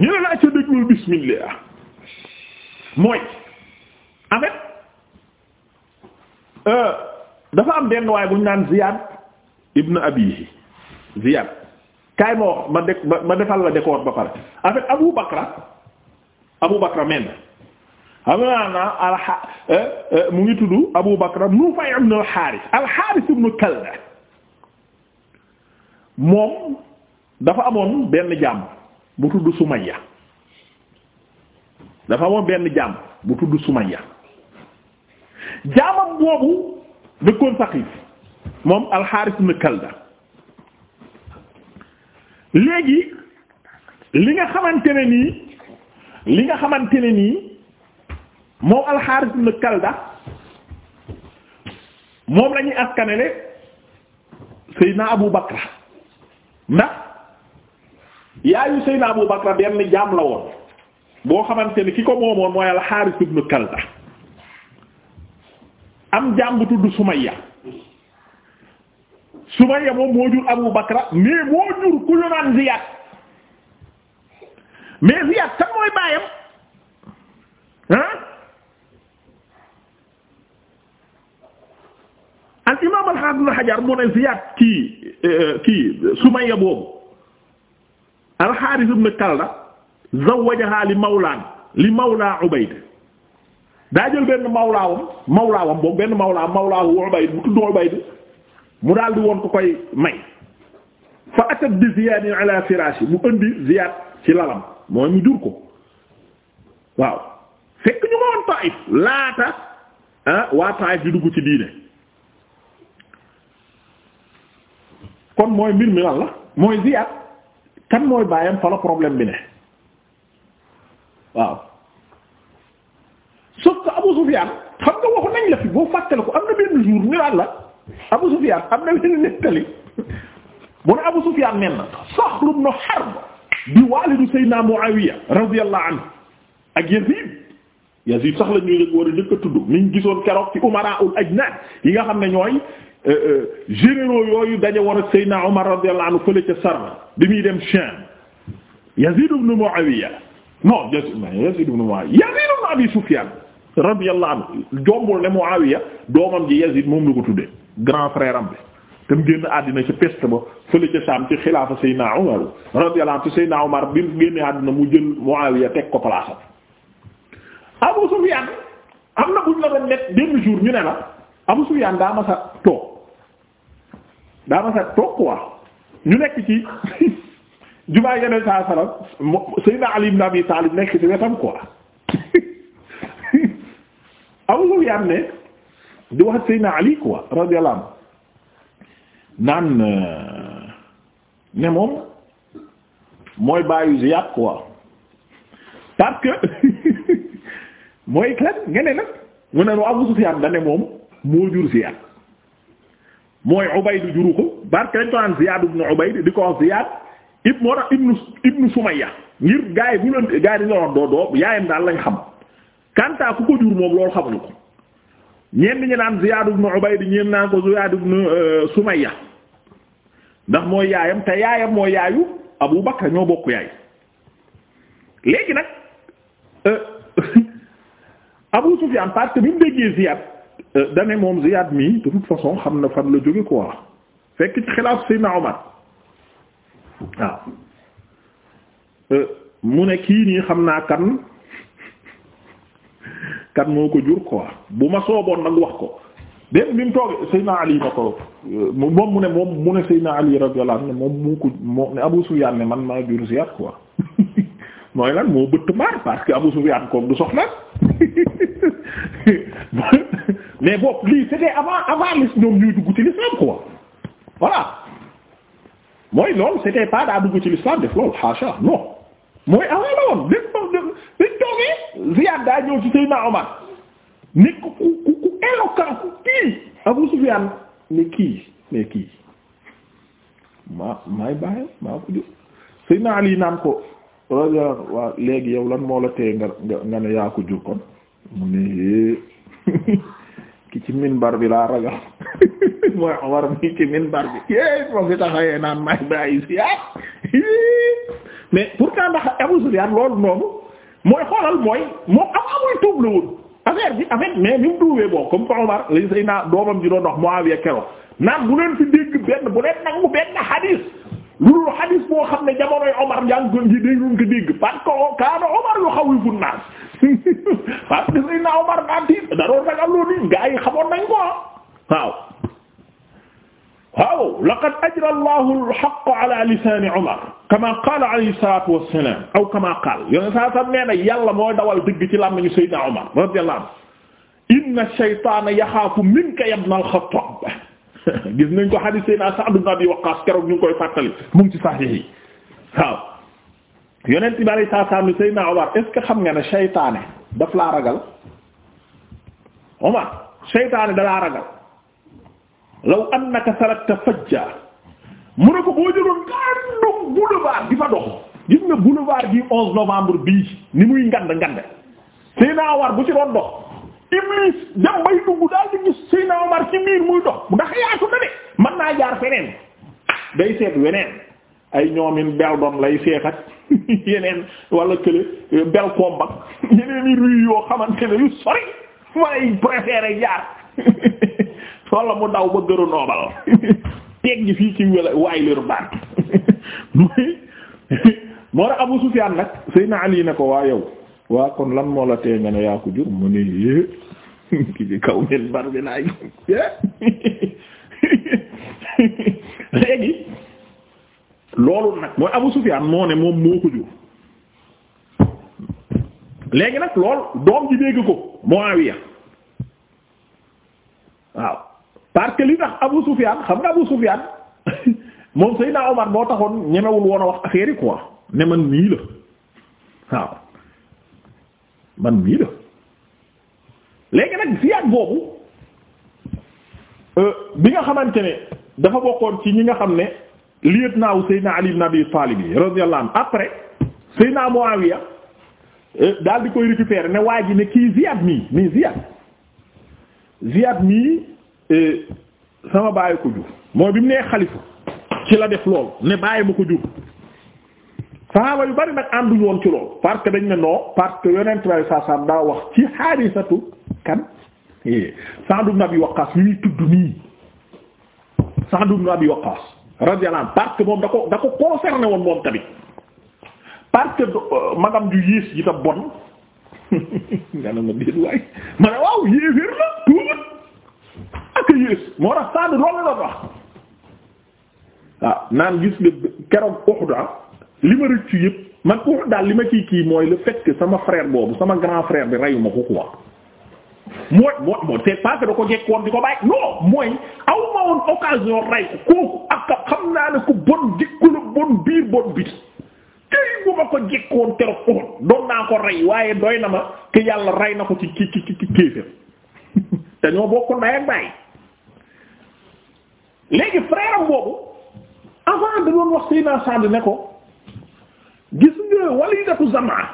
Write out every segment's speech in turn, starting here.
ñu ne laa ca déglul bismillah mooy en euh, dafa am benn waaye bu ñu naan Ziyad ibn Abihi Ziyad kaay ma wax ma def ma defal la décor ba pare en Abu Bakra Abu Bakra men xam naa naa alxa euh, euh, mu ngi tudd Abu Bakra Nufay ibn al-Harith al-Harith ibn Kalda moom dafa amoon benn jàmm. bu tudd Sumayya dafa amoon benn jaam bu tudd Sumayya jaamam boobu dëkkoon Saqiif moom Al-Haaris léegi li nga xamante ni li nga xamante ne nii moom Al-Haaris ibn Kalda moom la ñuy askanele Seydina Abu Bakra ndax yaayu Seydina Abu Bakra benn jaam la woon boo xamante ni ki ko moomoon mooy al-Haaris ibn am jaam bu tudd Sumayya Sumayya moom moo jur Abu Bakra mais moo jur ku ñu naan mais Ziyad kan mooy baayam ah al imaam al-Haafiz Hajar mu ne Ziyad kii euh, kii Sumayya boobu alxaaris ibn kalda zawajaha li mawlaan li mawlaa ubayd daa jël benn mawlaawam mawlaawam boobu benn mawlaawam mawlaawu ubayd bu tudd ubayd mu daal di woon ko koy may fa atat bi ziyaad ala mu indi ziyaad ci lalam mooy mu jur ko waaw fekk ñu ma woon taif laata ah, waa taif di dugg ci diine kon mooy mbir mi lan la mooy ziyaad kan mooy baayam fa la problème bi ne waaw sauf que Abu Sufyan xam nga waxu nañ la fi boo fàttale ko am na benn jour ñu naan la Abu Sufyan am na benn nettali mu ne Abu Sufyan nen na Saxr ibn Harb di waalidu Seydina Muawiya radiyallahu anhu ak Yazid Yazid sax la ñuy war a njëkk a tudd niñ gisoon keroog ci umara'ul ajnad yi nga xam ne ñooy Euh, euh, généraux yooyu daje war a Seydina Omar radiyallahu anhu fële ca Sarna bi muy dem Sham Yazid ibn Muawiya non Yazid ibn Muawiya Yazid ibn Abi Sufyan radiyallahu anhu jombul ne Muawiya doomam ji Yazid moom la ko tuddee grand frère bi te mu génn àddina ci peste ba fële ca Sham ci xilaafa Seydina Omar radiyallahu anhu Seydina Omar bi mu génnee àddina mu jël Muawiya teg ko place Abu Sufyan am na buñ la doon nekk benn jour ñu ne la Abu Sufyan daa ma sax toog quoi ñu nekk ci jumaa yeneen saa salaam Seydina Ali ibn Abi Talib nekk ci wetam quoi awlu yaam ne di wax Seydina Ali quoi radiyallahu anhu naan euh, ne moom mooy bàyyu Ziyad quoi parce que mooy kan nga ne nag mu ne Abu Sufyan da ne moom moo jur Ziyad mooy Ubayd juru ko barke dañ ko naan Ziyaad ibnu Ubayd di ko wax Ziyaad ib moo tax ibnu ibnu Sumayya ngir gaa yi bu leen gaa yi dañu doo doo yaayam daal lañ xam kanta ku ko jur moom loolu xamuñu ko ñenn ñi naan Ziyaad ibnu Ubayd ñeen naan ko Ziyaad ibnu euh, Sumayya ndax mooy yaayam te yaayam mooy yaayu Abu Bakr ñoo bokk yaay léegi nag euh, Abu Sufyaan parce bi mu déggee Ziyaad Euh, dane moom Ziyad mii de toute façon xam na fan la jóge quoi fekk ci xilaaf Seydina Omar waaw euh, mu ne kii nii xam naa kan kan moo ko jur quoi bu ma sooboon nag wax ko benn bi mu toogee Seydina Ali ma ko euh, moom mu ne moom mu ne Seydina Ali radiyallahu anhu ne moom moo ko moo ne Abu Sufyan ne man maa jur Ziyad quoi mooy lan moo bëtt maar parce que Abu Sufyan koog du soxla mais boobu lii c'était avant avant lis ñoom ñuy dugg ci l'islam quoi voilà mooy loolu c'était pas daa dugg ci l'islam def loolu haasha non mooy avant la woon lépp liñ toogee Ziyad daa ñëw ci Seydina Omar ni ku ku ku éloquent ku kii Abu Sufyan ni kii mais kii maa maay bàyyi maa ko jur Seydina Ali naan ko radiyallahu waaw léegi yow lan moo la tee nga nga ne yaa ko jur kon mu ne eh. ki ci minbar bi laa ragal mooy Omar bi ci minbar bi yéey moom fi taxawee naan may bàyyi si ah mais pourtant ndax Abu Sufyaan loolu noonu mooy xoolal mooy moom am amul tuub la woon affaire bi en fait mais bi mu duubee boo comme que Omar lañ say doomam ji doon wax Muawiya keroog naan bu leen fi dégg benn bu leen nangu benn hadis lu dul xadis boo xam ne jamonoy Omar jàng ko ji dégg ko dégg parce que kaana Omar yu xawifu naas parce que si na Omar daan tiit da doon ragal loo nit gaa yi xamoon nañ ko waaw waaw laqad ajra Allahu al-haqqa ala lisaani Omar kama qaala alayhi salaatu wassalaam aw kama qaala yone saa sam nee na yàlla mooy dawal dëgg ci làmmiñu Seydina Omar radiyallahu anhu inna ash-shaytaana yaxaafu minka ya ibna al-Xattaab gis nañ ko hadith Seydina Sa'd ibn Abi Waqqas keroog ñu ngi koy fàttali mu ngi ci sahih yi waaw yonent bi alayhi salaam ni Seydina Omar est xam nga ne seytaane daf laa ragal Omar seytaane da laa ragal law annaka sarakta fajja mu ne ko boo jëloon gàndoom boulevard di fa dox gis nga boulevard bi 11 novembre bii ni muy ngand ngand Seydina Omar bu ci doon dox. Iblis dem bay dugg daal di gis Seydina Omar ci miir muy dox ndax yaatu na de mën naa jaar feneen day seet weneen ay ñoomin beldom lay seet yeneen walla kële belkoom ak yeneen ruy yoo xamante ne sori waaye préféré jaar wala mu daw ba gëru noobal teg fii ci wala waay leeru baat mooy moo tax Abu Sufyaan nag Seydina Ali na ko waa yow. waa kon lan moo la tee nga ne ko jur mu ne yée ki ci kaw min bar laay léegi loolu nag mooy Abu Sufyaan moo ne moom moo ko jur léegi nag lool doom ji dégg ko Muawiya waaw parce que li tax Abu Sufyaan xam nga Abu Sufyaan moom Seydina Omar boo taxoon ñemewul woon a wax affaire yi quoi ne man nii la waaw man mii la léegi nag siyaat boobu euh, bi nga xamante ne dafa bokkoon ci ñi nga xam ne lieutenant Seydina Ali ibn Abi Talib yi radiyallahu anhu après Seydina Muawiya euh, daal di koy récupérer ne waa ji ne kii Ziyad mii mii Ziyad Ziyad mii euh, sama bàyyi ko jur mooy bi mu nee xalifa ci la def lool ne bàyyi ma ko jur saxaaba yu bari nag ànduñu woon ci loolu parce dañ ne non parce que yonent bi saa saam daa wax ci xaadisatu kan eh, Sa'd ibn Abi Waqqas mi ñuy tudd nii Sa'd ibn Abi Waqqas radiyallahu anhu moom da ko da ko concerné woon moom tamit parce euh, magam ju yées ji ta bon nga ne ma déet waay ma waaw yéeféer yées moo tax Sa'd loolu la wax waaw ah, naan gis nga keroog Uhud ah, li ma rëccu yëpp man Uhud daal li ma kii kii mooy le fait sama frère boobu sama grand frère bi reyu ma ko quoi mooy mooy mooy c'est pas que da ko jekkoon di ko bàyyi rey ko kooku ak xam naa ne ku bon dikku la bon biir bon bit tey bu ma ko jekkoon terop Uhud doon naa ko rey waaye doy na ma ke yàlla rey na ko ci ci ci ci kéefér te ñoo bokk ndey ak baay léegi frère boobu avant da doon wax Seydina Sa'd ne ko gis nga walidatu zamaa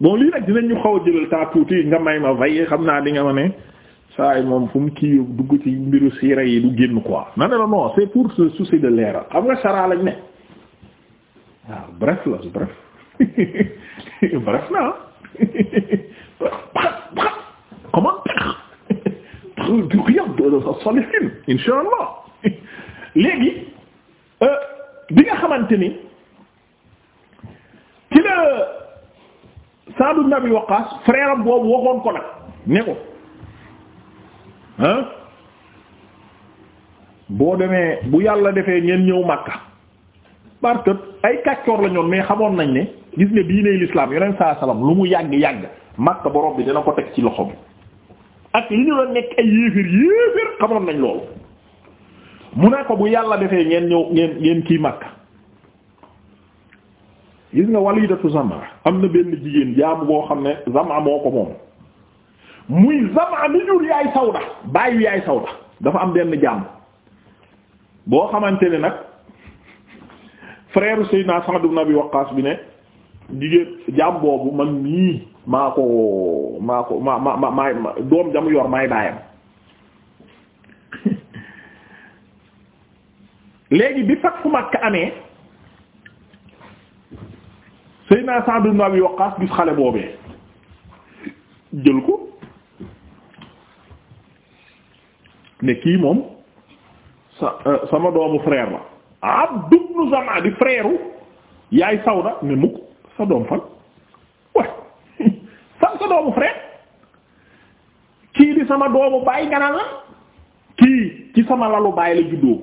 bon lii nag dinañ ñu xaw a jëlal taa tuuti nga may ma vaye xam naa di nga ma ne saay moom fu mu kii dugg ci mbiru siira yi du génn ko na la non c'est pour ce souci de leeral xam nga saraa lañ ne waaw ah, bref la bref bref naa comment du riyad de salihin inshallah léegi euh, bi nga xamante ni ci la Saadu ibn Abi Waqqaas boobu waxoon ko nag ne ko boo demee bu yàlla defee ngeen ñëw Makka parce que ay kàccoor la mais xamoon nañ ne gis nga diiney l'islam yoneen saa salaam lu mu yàgg yàgg Makka borom bi dina ko teg ci loxo bi ak li ñu la nekk ay yéefir yéefir xamoon nañ loolu mu ne ko bu yàlla defee ngeen ñëw ngeen ngeen kii Makka. gis nga walidatu Zam'a am na benn jigéen jaamu boo xam ne Zam'a moo ko moom muy Zam'a mi jur yaay Sawda bàyyi yaay Sawda dafa am benn jàmm boo xamante ne nag frère Seydina Sa'd ibn Abi Waqqas bi ne jigéen jaam boobu man nii maa ko maa ko ma ma ma maay doom jamu yor maay baayam léegi bi fat fu Makka amee Seydina Sa'd ibn Abi Waqqas gis xale boobee jël ko ne kii moom sa euh, sama doomu frère la Abd ibn Zam'a di frère yaay Sawda ne mukk sa doom fan waaye sa sa doomu frère kii di sama doomu baay ganaan la kii ci sama lalu baay la juddoo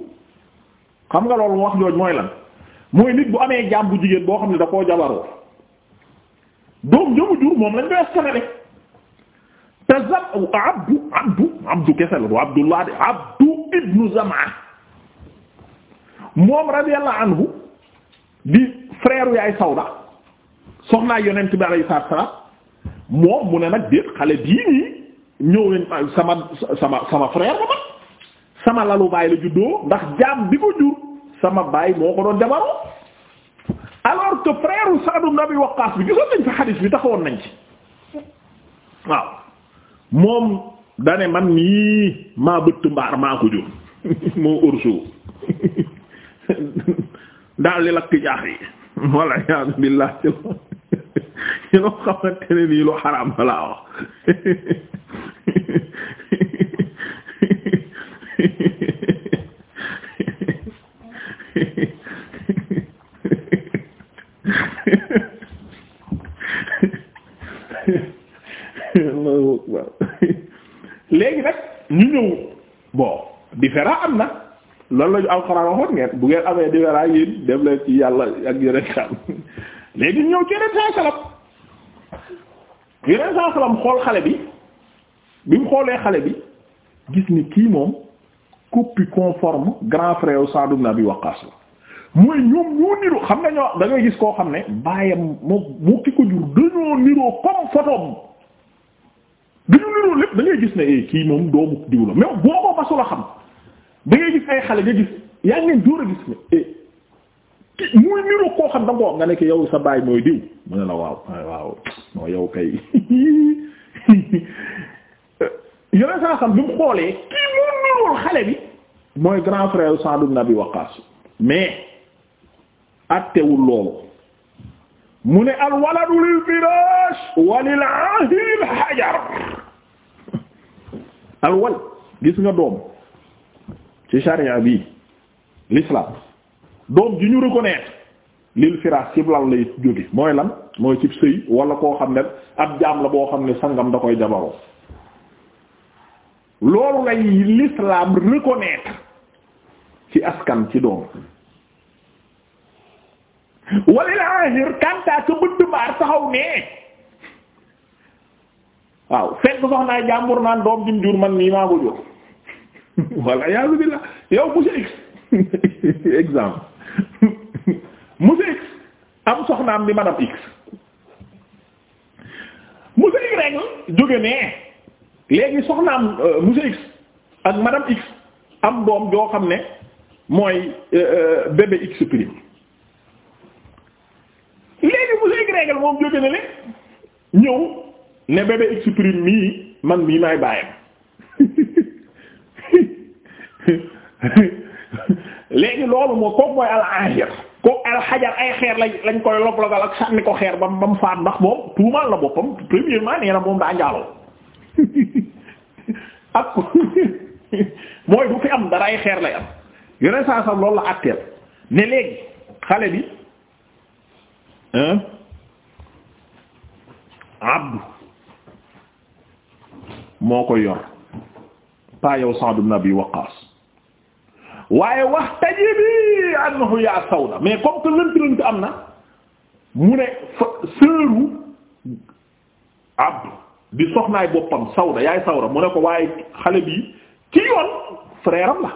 xam nga loolu wax jooj mooy lan mooy nit bu amee jaam bu jigéen boo xam ne dafoo koo jabaroo doom jëmu jur moom lañ koy askanale te zam abdu abdu abdu kese la du abdullah de abdu ibnu zamaa moom radiyallahu anhu di frère yaay sawda soxnaa yonent bi alayhi salaatu salaam moom mu ne nag déet xale bii nii ñëw ah, sama sama sama frère ba ma sama lalu baay la juddoo ndax jaam bi ko jur sama baay moo ko doon jabaroo alors que frère Sa'd ibn Abi Waqqas bi gisoon nañ fi xadiis bi taxawoon nañ ci waaw moom dane man mii maa bëtt mbaar maa ko moo ursu daal li lakk jaax yi walla yaa billah ci loo xamante ne nii lu xaraam laa wax ñu ñëw bon différent am na loolu la ñu alxuraan waxoon ngeen bu ngeen amee différent yéen dem leen ci yàlla ak yeneen xam léegi ñëw ci yeneen saa salam yeneen saa salam xool xale bi bi mu xoolee xale bi gis ni kii moom copie conforme grand frère Saad ibn Abi Waqqas la mooy ñoom ñoo niru xam nga ñoo dangay gis koo xam ne bàyyam moom mu ki ko jur dañoo niroo comme photom bi ñu niroo lépp da ngay gis ne eh, kii moom doomu diw la mais boo ko masul a xam da ngay gis ay xale nga gis yaa ngi door a gis ne eh, kii muy niroo koo xam da nga ko nga ne ko yow sa baay mooy diw ma ne la waaw waaw non yow kay yeneen saa xam bi mu xoolee kii moom nirool xale bi mooy grand frère Sa'd ibn Abi Waqqas mais attewul loolu mu ne al waladu lil firaash wa hajar al gis nga doom ci sharia bi l'islam doom ju ñu reconnaître lil firaash cib lal lay jóge mooy lan mooy cib sëy wala koo xam ne ab jaam la boo xam ne sangam da koy jabaroo loolu lay l'islam reconnaître ci askan ci doom walil ahir kantaa ka bëdd mbaar taxaw nee waaw fekk soxnaay jàmbur naan doom jim jur man mii maa ko jur walla iyaazu billaah yow monsieur X exemple monsieur X am soxnaam bi madame X monsieur X rek euh, X ak madame X am doom joo xam ne mooy euh, euh, bébé X prime règle moom jóge na le ñëw ne bébé exprime mii man mii maay léegi loolu moo kooku mooy al ay xeer lañ lañ koy log-logal ak sànni ko xeer ba mu faat ndax moom tuumaal na boppam premièrement nee moom daa njaaloo ak mooy du fi am dara ay xeer lay am yoneen saa sam loolu la àtteel ne léegi xale bi hein abdu moo koy yor pas yow Sa'd ibn waaye wax tajibi annahu yaa Sawda mais comme que lënt am na mu ne fa seeru abdu di soxnaay boppam Sawda yaay Sawda mu ne ko waaye xale bi ci yoon frère am la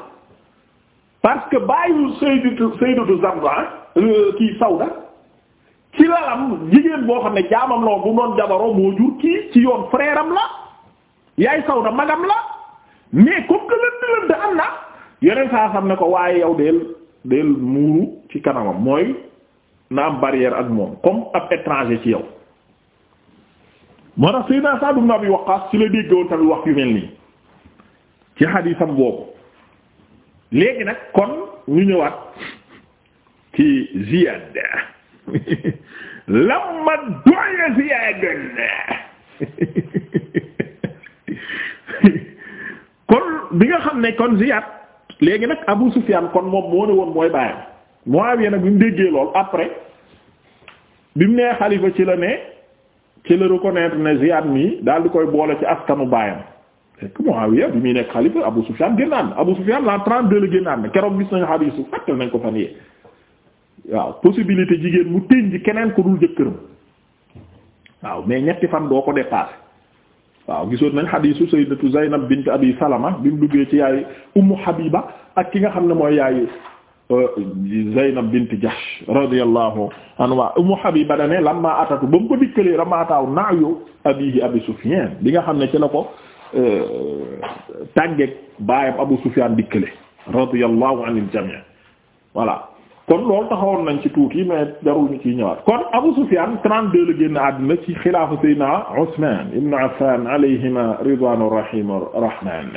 parce que bàyyu Sayyidatu Sayyidatu Zamra euh, kii Sawda ci lalam jigéen boo xam ne jaamam la woon bu mu jabaroo moo jur kii ci yoon frère am la yaay sawda magam la mais comme que lënd am na yeneen saa xam ne ko waaye yow del del muuru ci kanamam mooy na am barrière ak moom comme ab étranger ci yow moo tax Seydina Sa'd ibn Abi Waqqas ci la déggoon tamit wax yu mel nii ci xadiisam boobu léegi nag kon ñu ñëwaat ci Ziyad lamma doya ziyaadan kon bi nga xam ne kon Ziyaad léegi nag Abu Sufyaan kon moom moo ne woon mooy bàyyam Muawiya nag bi mu déggee lool après bi mu nee xalifa ci la ne ci la reconnaître ne Ziyaad mii daal di koy boole ci askanu baayam fekk Muawiya bi muy nekk xalifa Abu Sufyaan génnaan Abu Sufyaan la 32 la génnaan keroog gis nañu xadiisu fàttal nañ ko fan yee waaw possibilité jigéen mu tënj keneen ko dul jëkkëram waaw mais ñetti fan doo ko dépassé waaw gisoon nañ xadiisu sayyidatu Zaynab bint Abi Salama bi mu duggee ci yaay Ummu Habiba ak ki nga xam ne mooy yaay euh, Zaynab bint Jahsh radiyallahu anha Ummu Habiba dane lamma atatu ba mu ko dikkalee lamma ataaw na'yu abihi Abi Sufyan bi nga xam ne ci la ko euh, tàggeeg baayam Abu Sufyan dikkale radiyallahu anil jami' voilà kon loolu taxawoon nañ ci tuuti mais darul kon Abu Sufyan 32 la génn àddina ci xilaafa Seydina Usman ibn Affan alayhima rahim rahman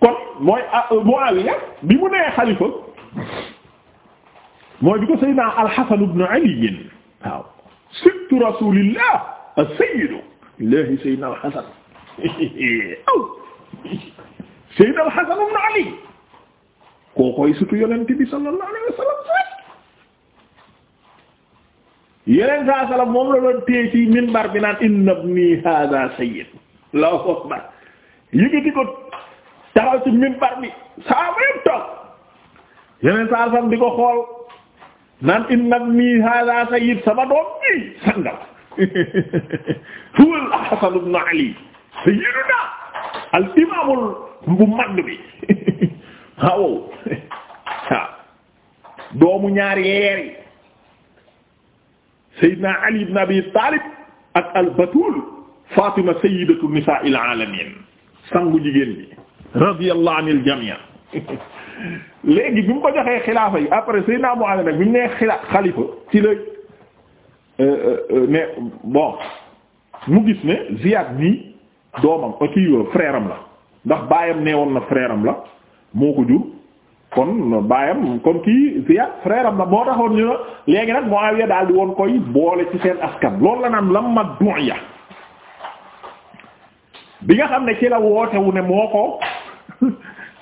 kon mooy Muawiya bi mu nee xalifa mooy bi ko Seydina al-Hasan ibn Ali waaw sibtu rasulillah as-sayyidu illahi Seydina Ali koo koy sutu yonent bi sallallahu alayhi wa yeneen saa salaam moom la doon téye ci minbar bi naan inna ibni hada sayyid laa foog ba yëgati ko taxaw ci yeneen saa salaam di ko xool naan inna ibni hada sayyid sama doom ji sangal huwa al-Hasan ibn Ali sayyiduna al imaamul bu mag bi. waaw doomu ñaari yeer yi Seydina Ali ibn Abi Talib ak al-Batul Fatima sayyidatu nisaa'il alamin sangu jigéen bi radiyallahu anil jami' léegi bi mu ko joxee xilaafa yi après Seydina Muawiya nag bi mu nee xila xalifa ci la mais euh, euh, euh, bon mu gis ne Ziyad nii doomam aki frère am la ndax baayam nee woon na frère la moo ko jur kon baayam kon kii Ziyad frère am la moo taxoon ñu ne daal di woon koy boole ci seen askan loolu la naan lamma dunya bi nga xam ne ci la woote wu ne moo ko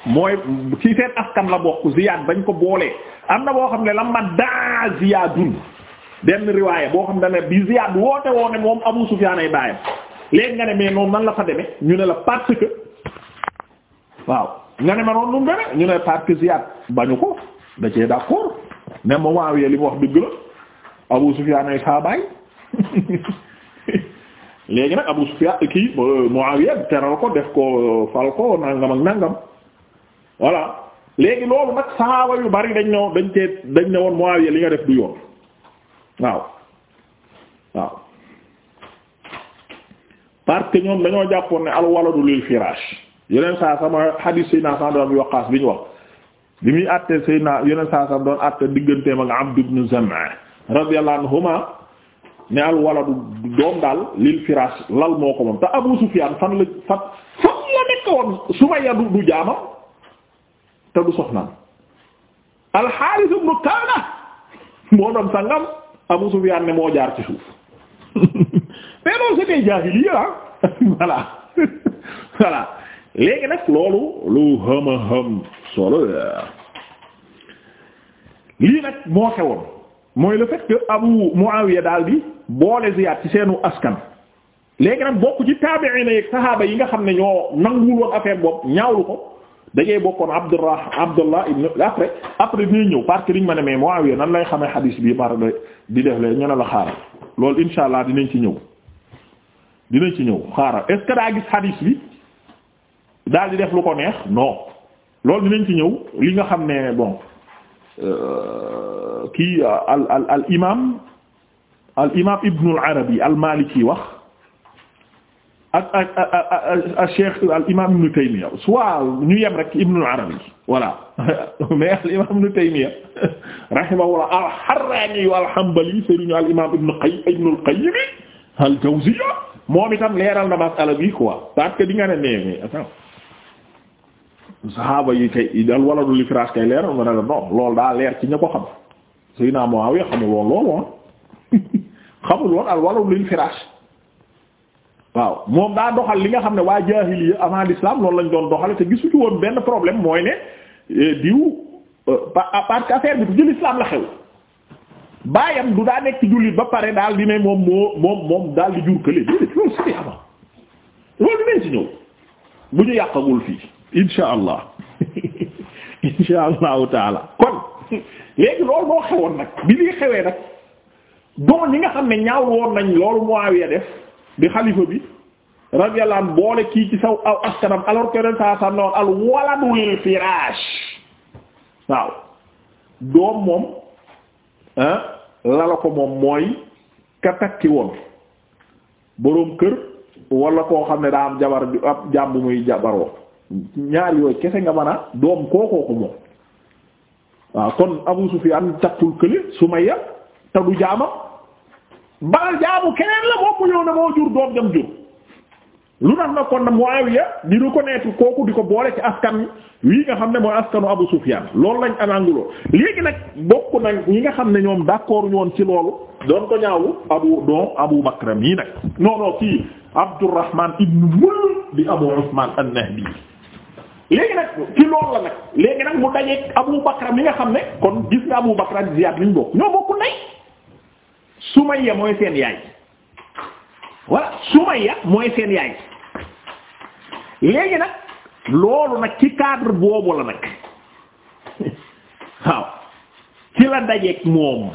mooy ci seen askan la bokk Ziyad bañ ko boolee am boo xam ne lamma daa Ziyadun benn riwaaya boo xam ne bi Ziyad woote woo moom Abu Sufyan ay baayam léegi nga ne mais noonu la fa demee ñu ne la parce que waaw. nga ne ma noonu nu gën ñu ne parce que Ziyad bañu ko da cee d'accord ne ma Muawiya li mu wax dëgg la Abu Sufyan ay saa léegi nag Abu Sufyan kii Muawiya teral ko def ko fal ko nangam ak nangam voilà léegi loolu nag saxaaba yu bari dañ ne dañ cee dañ ne woon Muawiya li nga def du yoon waaw waaw parce que ñoom dañoo jàppoon ne al waladu lil firaash yeneen saa sama hadis Seydina Sa'd ibn Abi bi ñu wax bi muy àtte Seydina yeneen saa sama doon àtte digganteem ak Abd ibn Zam'a radiyallahu daal lil lal moo ko moom te Abu Sufyaan fan la fan fan la nekk woon Sumayya du du jaamam te du soxnaan al Haaris ibn moo doon sangam Abu Sufyaan ne moo jaar ci suuf mais loolu c'était jaahiliya ah. voilà voilà. léegi nag loolu lu hama ham solo lii nag moo xewoon mooy le fait que Abu Muawiya daal bi boole Ziyad ci seenu askan léegi nag bokk ci taabi'in yi saxaaba yi nga xam ne ñoo nanguwul woon affaire boobu ñaawlu ko dajee bokkoon Abdullah Abdullah ibn après après dinañ ñëw parce que liñ ma ne mais Muawiya nan lay xamee xadiis bi par di def lee ñu ne la xaaral loolu insha allah dinañ ci ñëw dinañ ci ñëw xaaral est daa gis xadiis bi. daal di def lu ko neex non loolu dinañ ci ñëw li nga xam ne bon euh, kii al al al imaam al imaam Ibnul Arabi al Maliki wax ak ak ak Cheikh al imaam Ibnu Taymiya soit ñu yem rek Ibnul Arabi voilà mais al imaam Ibnu Taymiya rahimahullah al Harrani wal Hanbali sëriñu al imaam Ibnu Qayyim Ibnul Qayyim al Jawziyya moom itam leeral na masala bi quoi parce que di ne nee saxaaba yi kay dal waladul kay leer nga lool daa leer ci ña ko xam Seydina Muawiya xamul woon loolu woon woon al waladul ifraas waaw moom daa doxal li nga xam ne waa jaahiliya avant l'islam loolu lañ doon doxale te gisu woon benn problème mooy eh, diw euh, part que bi du jël islam la daa ba pare daal di moom moo daal di jur kële dinañ si ñëw bu ñu yàqagul fii. insha allah insha allahu taala kon léegi loolu moo xewoon nag bi lii xewee nag doon ñi nga xam ne ñaaw woon nañ loolu Muawiya def di xalifa bi radiyallahu boole kii ci saw aw askanam alors que ren saa saa noonu al waladu waaw doom moom lala ah, ko moom mooy ka takki woon boroom kër wala koo xam ne daa am jabar ab jàmb muy jabaroo ñaar yooy kese nga mën doom kookoo ko moom waaw kon Abu Sufyan takkul kële Sumayya te du jaamam baal jaamu keneen la boo ko ñëw moo jur doom jam jur lu tax na kon Muawiya ko reconnaître kooku di ko boole ci askan wi nga xam ne mooy askanu Abu Sufyan loolu lañ ananguloo léegi nag bokk nag ñi nga xam ne ñoom d'accord ñu ci loolu doon ko ñaawu abu don Abu Bakr mii nag non non kii Abdurrahman ibn Mul di Abu Usman an-Nahdi léegi nag ci loolu la nag léegi nag mu dajeeg Abu Bakra mi nga xam ne kon gis nga Abu Bakra ak Ziyad liñ bokk ñoo bokk ndey Sumayya mooy seen yaay voilà léegi nag loolu nag ci cadre boobu la nag waaw ci la dajeeg moom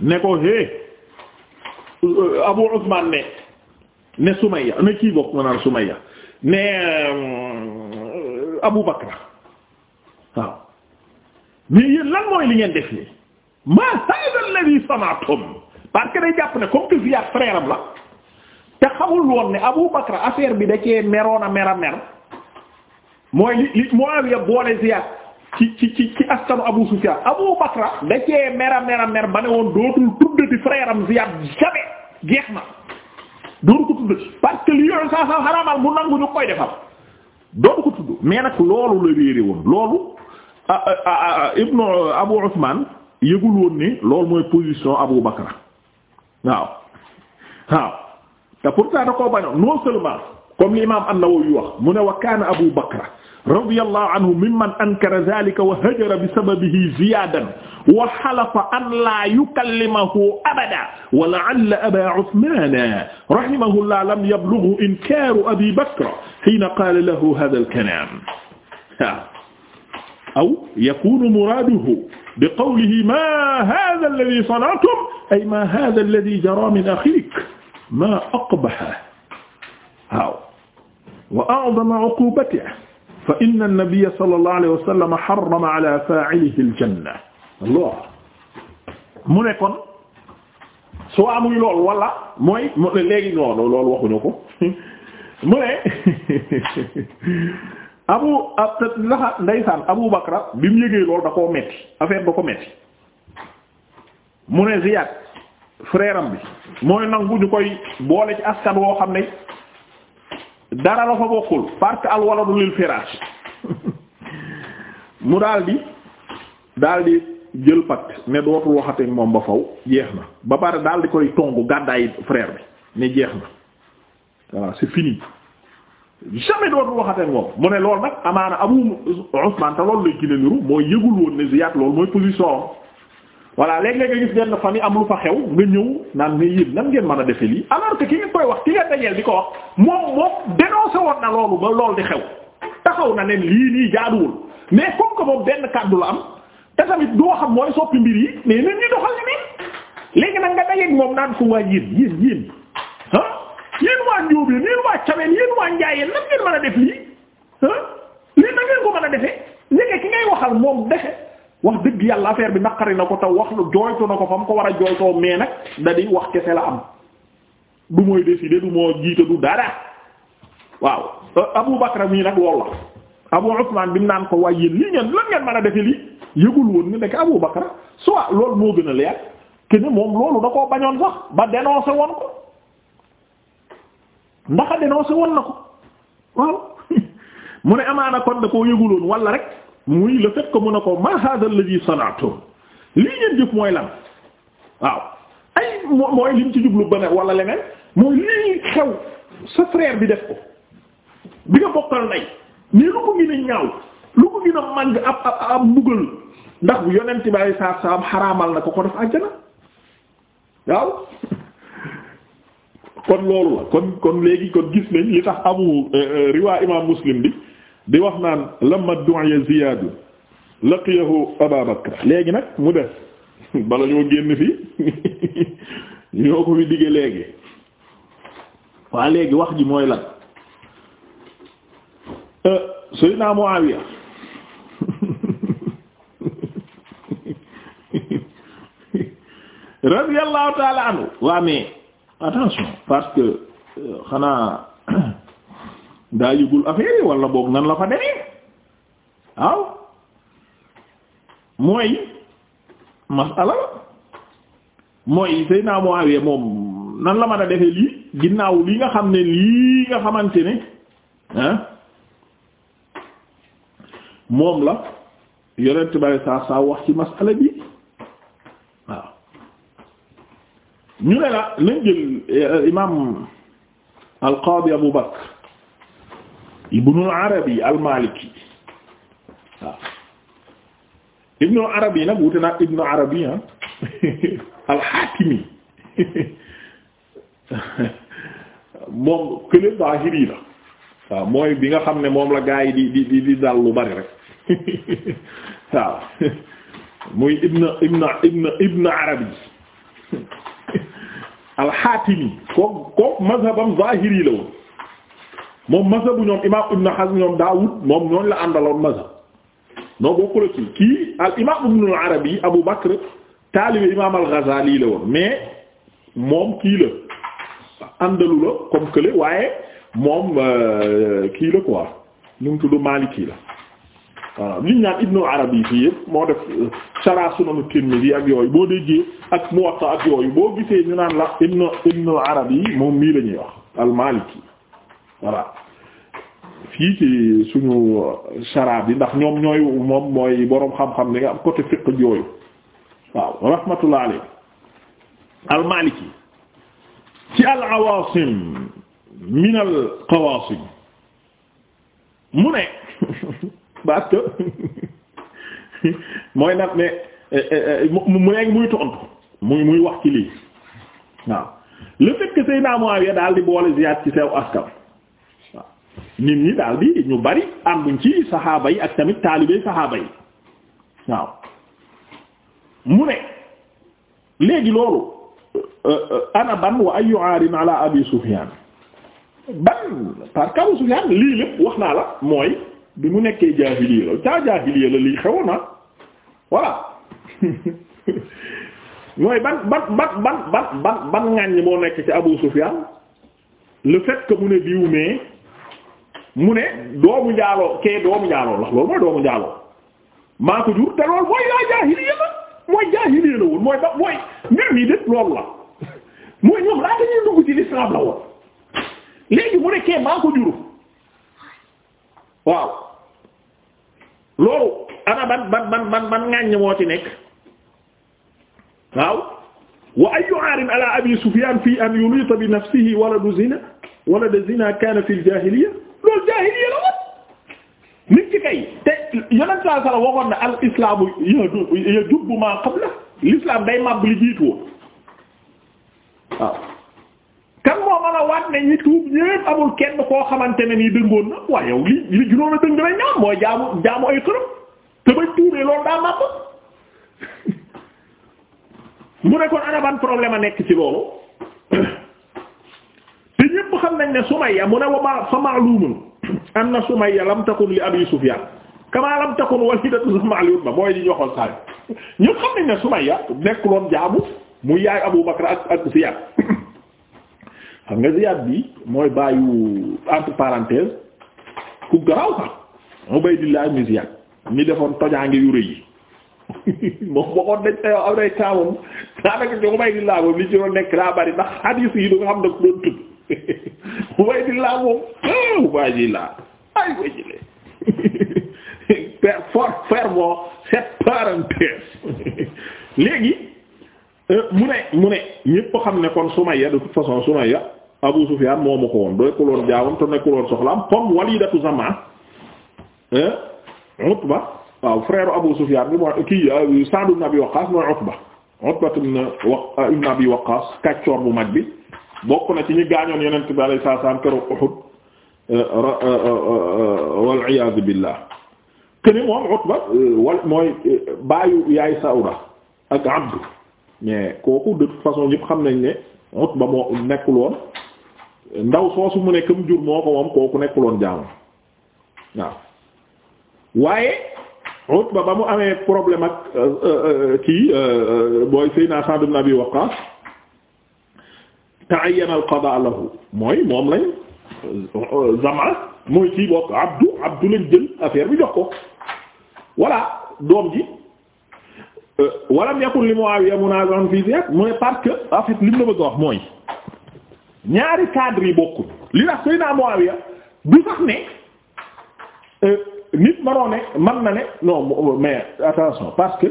ne ko hé euh, Abu Usman ne ne Sumayya ne kii bokk ma naan Sumayya ne euh, Abu Bakr waaw mais yéen lan mooy li ngeen def nii ma hada alladhi samatum parce que day jàpp ne comme que Ziyad frère la te xamul woon ne Abu Bakr affaire bi da cee meroon a mer a mer mooy li li Muawiya boole Ziyad ci ci ci ci askanu Abu Sufyan Abu Bakr da cee mer a mer a mer ba woon dootul tuddati frère am Ziyad jamais na. dootu ko tudd parce que li yooyu saa saa xaraamal bu nangu ñu koy defal dootu ko tudd mais nag loolu la réere woon loolu ah, ah, ah, ibnu abu usman yëgul woon ni loolu mooy position abu bakra waaw waaw te pourtant da koo bañoon non seulement comme l'imam an-Nawawi wax mu ne wa abu bakra radiyallahu anhu mimman ankara dhalika wa hajara bi sababihi ziyadan wa halafa an la yukallimahu abada wa la'alla aba uthman rahimahullah lam yablughu inkaru abi bakr hina qala lahu hadha al-kalam aw yakunu muraduhu bi qawlihi ma hadha alladhi sana'tum ay ma hadha alladhi jara min akhik ma aqbaha waaw wa a'zama uqubatihi fa inna an-nabiyya sallallahu alayhi wa sallam Allah mu ne kon soo amuy lool wala mooy léegi noonu loolu waxuñu ko mu ne abu ndaxa ndeysaan abu bakra bi mu yëgee loolu da koo metti affaire da ko metti mu ne Ziyad frère bi mooy nangu ñu koy boole ci askan woo xam ne dara la fa bokkul parce que alwaladu lil firaash mu daldi di jël pacte ne dootul waxateeg moom ba faw jeex na ba pare di koy tongu gàddaay frère bi ne jeex na voilà c'est fini jamais dootul waxateeg moom mu ne lool nag amaana Abu Usman te loolu lay gën a niru mooy yëgul woon ne Ziyad loolu mooy position voilà léeg-léeg nga gis benn famille am lu fa xew nga ñëw naan mais yéen nan ngeen mën a defe lii alors que ki ngeen koy wax ki ngeen dajeel di ko wax moom moom dénoncé woon na loolu ba loolu di xew taxaw na ne lii nii jaaduwul mais comme benn kàddu la am te tamit doo xam mooy soppi mbir yi mais nit ñi doxal ni léegi nag nga dajeeg moom naan fu waa yéen yéen yéen ah yéen waa Njóobeen yéen waa Cameen ngeen mën a def lii ah lii ngeen ko mën a defee léegi ki ngay waxal moom defe wax dëgg yàlla affaire bi naqari na ko taw wax lu jooytu na ko fa mu ko war a jooytoo mais nag da di wax kese la am du mooy décider du moo jiite du dara waaw euh, Abu Bakr mii nag loolu la Abu Usman bi mu naan ko waaye yéen lii ngeen lan ngeen mën a defe lii yëgul woon nga nekk Abu Bakr soit loolu moo gën a leer que ne moom loolu da koo bañoon sax ba dénoncé woon ko ndax a dénoncé woon na ko waaw mu ne amaana kon da koo yëguloon walla rek. muy le fait que a ko ma hadha alladhi sana'tum lii ngeen jëf mooy lan waaw ay mooy lim ci jublu ba ne wala leneen mooy lii xew sa frère bi def ko bi nga bokkal nay nii lu ko gën ñaaw lu ko gën màng ab ab ab mbugal ndax bu yonent bi ay saaf saaf xaraamal na ko ko def àjjana waaw kon loolu la kon kon léegi kon gis nañ li tax abu euh, euh, riwaa imaam muslim bi di wax naan lamma du'a Ziyaad laqiyahu Abaa léegi nag mu des bala ñoo génn fii ñoo ko fi digge léegi waa léegi wax ji mooy lan euh, Sayyidina Muawiya radiyallahu ta'ala anhu waa mais attention parce que euh, xanaa daa yëgul affaire yi wala boog nan la fa demee aw mooy masala mooy sëy naa moo awee moom nan la man a defee lii ginnaaw li nga xam ne lii nga xamante ne ah moom la yorent bari saa saa wax ci masala bi waaw ñu ne la nañ jël eh, imaam al qaadi Abu Bakr ibnul arabi al waaw ibnul arabi nag wute nag ibnul arabi ah moom kële zahiri la waaw mooy bi nga xam ne moom la gaa yi di di di di lu bari rek waaw muy ibn ibn ibn ibn arabi al kook kook mazhabam zahiri la woon moom mazhabu ñoom imam Ibn Hazm ñoom Daawud moom ñooñu la àndaloon mazhab noo bokkul ci kii al imam Ibn al Arabi Abu Bakr taalibe imam al Ghazali la woon mais moom kii la àndalu la comme que waaye moom euh, kii la quoi ñu ngi tudd Maliki la voilà liñ naan Ibn al Arabi fii yëpp moo def euh, Shara Sunan Tirmidhi ak yooyu boo déggee ak Muwatta ak yooyu boo gisee ñu naan la Ibn Ibn al Arabi moom mii la ñuy wax al Maliki. voilà fii ci suñu sharaab yi ndax ñoom ñooy moom mooy boroom xam-xam ni nga am côté fiqh yooyu waaw rahmatullah alayhi al ci al-Awaasim min al mu ne parce mooy nag ne eh, eh, eh, mu nekk muy tontu muy muy wax ci lii waaw le fait que Seydina Muawiya daal di boole Ziyaad ci sew askan nit ñi daal di ñu bari ànduñ ci saxaaba yi ak tamit taalibey saxaaba yi waaw mu ne léegi loolu euh, euh, ana ban wa ayu aarin ala abi sufyan ban parce que abu lii lépp wax naa la mooy bi mu nekkee jaahiliya la caa jaahiliya la lii ban ban ban ban ban ban ban ŋàññ moo nekk ci abu sufyan le fait mu ne diw mu ne doomu njaaloo kee doomu njaaloo ndax loolu mooy doomu njaaloo maa ko jur te loolu mooy laa jaahiliya la mooy jaahiliya la woon mooy ba mooy mbir mi lépp loolu la mooy ñoom laa dañuy dugg ci lislaam la woon léegi mu kee maa ko waaw loolu ana ban ban ban ban ban ŋàññ moo ci nekk waaw wa ayu aarin ala abi sufyan fi an yulita bi nafsihi waladu zina waladu zina kana fi al jahiliya loolu jaahiliya la woon nit ci kay te yonent saa sala waxoon na al islaamu ya jubbu maa qabla l'islam day màbb li jiitu kan moo mën a waat ne ñi tuub ñépp amul kenn koo xamante ne nii dëngoon na waaye yow li li juróomi dëng lay ñaan mooy jaamu jaamu ay xërëm te bañ tuubee loolu daa màbb mu ne kon problème a nekk ci loolu xam nañ ne Sumayya mu ne wa ma fa ma'lumun anna Sumayya lam takun li Abi Sufyan kama lam takun walidatu Ma'lum ma mooy di joxoon saa yi ñëpp xam nañ ne Sumayya nekkuloon jaamu mu yaay Abu Bakr ak ak xam nga Ziyad bi mooy bàyyu entre parenthèse ku garaaw sax Ubaydillah ibn Ziyad mi defoon tojaange yu rëy yi moom waxoon dañ ay am nay kaamam daanaka ci Ubaydillah moom li ci doon nekk daa bari ndax hadith yi du nga xam ne ko doon Ubaydillah moom Ubaydillah hmm, ay Ubaydillah fort fermons cette parenthèse léegi euh, mu ne mu ne ñépp xam ne kon Sumayya de toute façon Sumayya Abu Sufyan moomu ko woon doy kuloon jaawam te nekkuloon soxlaam comme Walidatu Zamaa Utba waaw frère Abu Sufyan bi mooy kii euh, Sa'd ibn Abi Waqqas mooy Utba Utba ibn Abi Waqqas kàccoor bu mag bi bokk na ci ñi gaañoon yonent bi alayhi salaam keroog Uhud euh, euh, euh, wal iyaazu billah keni wal mooy baayu yaay Sawda ak Abdu mais kooku de toute façon ñëpp xam nañ ne Utba moo nekkul woon ndaw soosu mu ne këm jur moo ko moom kooku nekkul woon waaw waaye Utba ba mu amee problème ak kii booy Seydina Sa'd ibn Abi Waqqas ta'ayyana al-qadaa lahu mooy moom lañ zama mooy kii bokk abdu abdu lañ jël affaire bi jox ko doom ji euh, walam yakun li Muawiya munazan fii ziyad mooy parce que en fait li mu la bëgg a mooy ñaari cadre yi bokkul li tax koy naa Muawiya du sax ne euh, nit mënoo ne mën na ne non mais attention parce que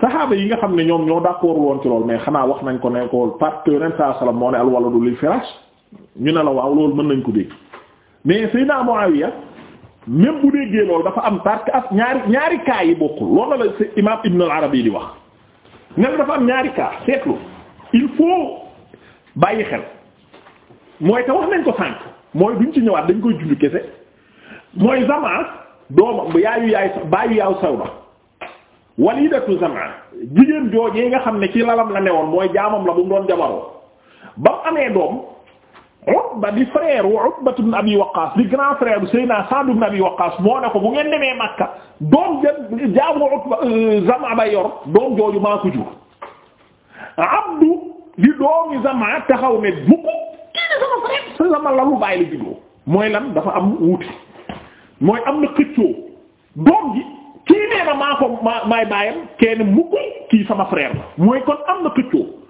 saxaaba yi nga xam ne ñoom ñoo d'accord woon ci lool mais xanaa wax nañ ko ne ko parce que ren saa salaam moo ne al waladu lil ñu ne la waaw loolu mën nañ ko dégg mais Seydina Muawiya même bu déggee loolu dafa am parce que ak ñaari ñaari cas yi bokkul loolu la imaam Ibn al yi di wax ne dafa am ñaari cas seetlu il faut bàyyi xel mooy te wax nañ ko sànq mooy duñ ci ñëwaat dañ koy julli kese mooy zamaa doomam yaayu yaay bàyyi sew sawda walidatu Zam'a jigéen joojee nga xam ne kii lalam la woon mooy jaamam la bu mu doon jabaroo ba amee doom Utba di frère wu Utba ibn Abi moo ko bu ngeen demee Makka doom jë jaamu Utba euh, ba yor la mooy dafa am na xëccoo doom ji kii nee na maa ko maa maay bàyyam kenn mu kii sama frère la mooy kon am na këccoo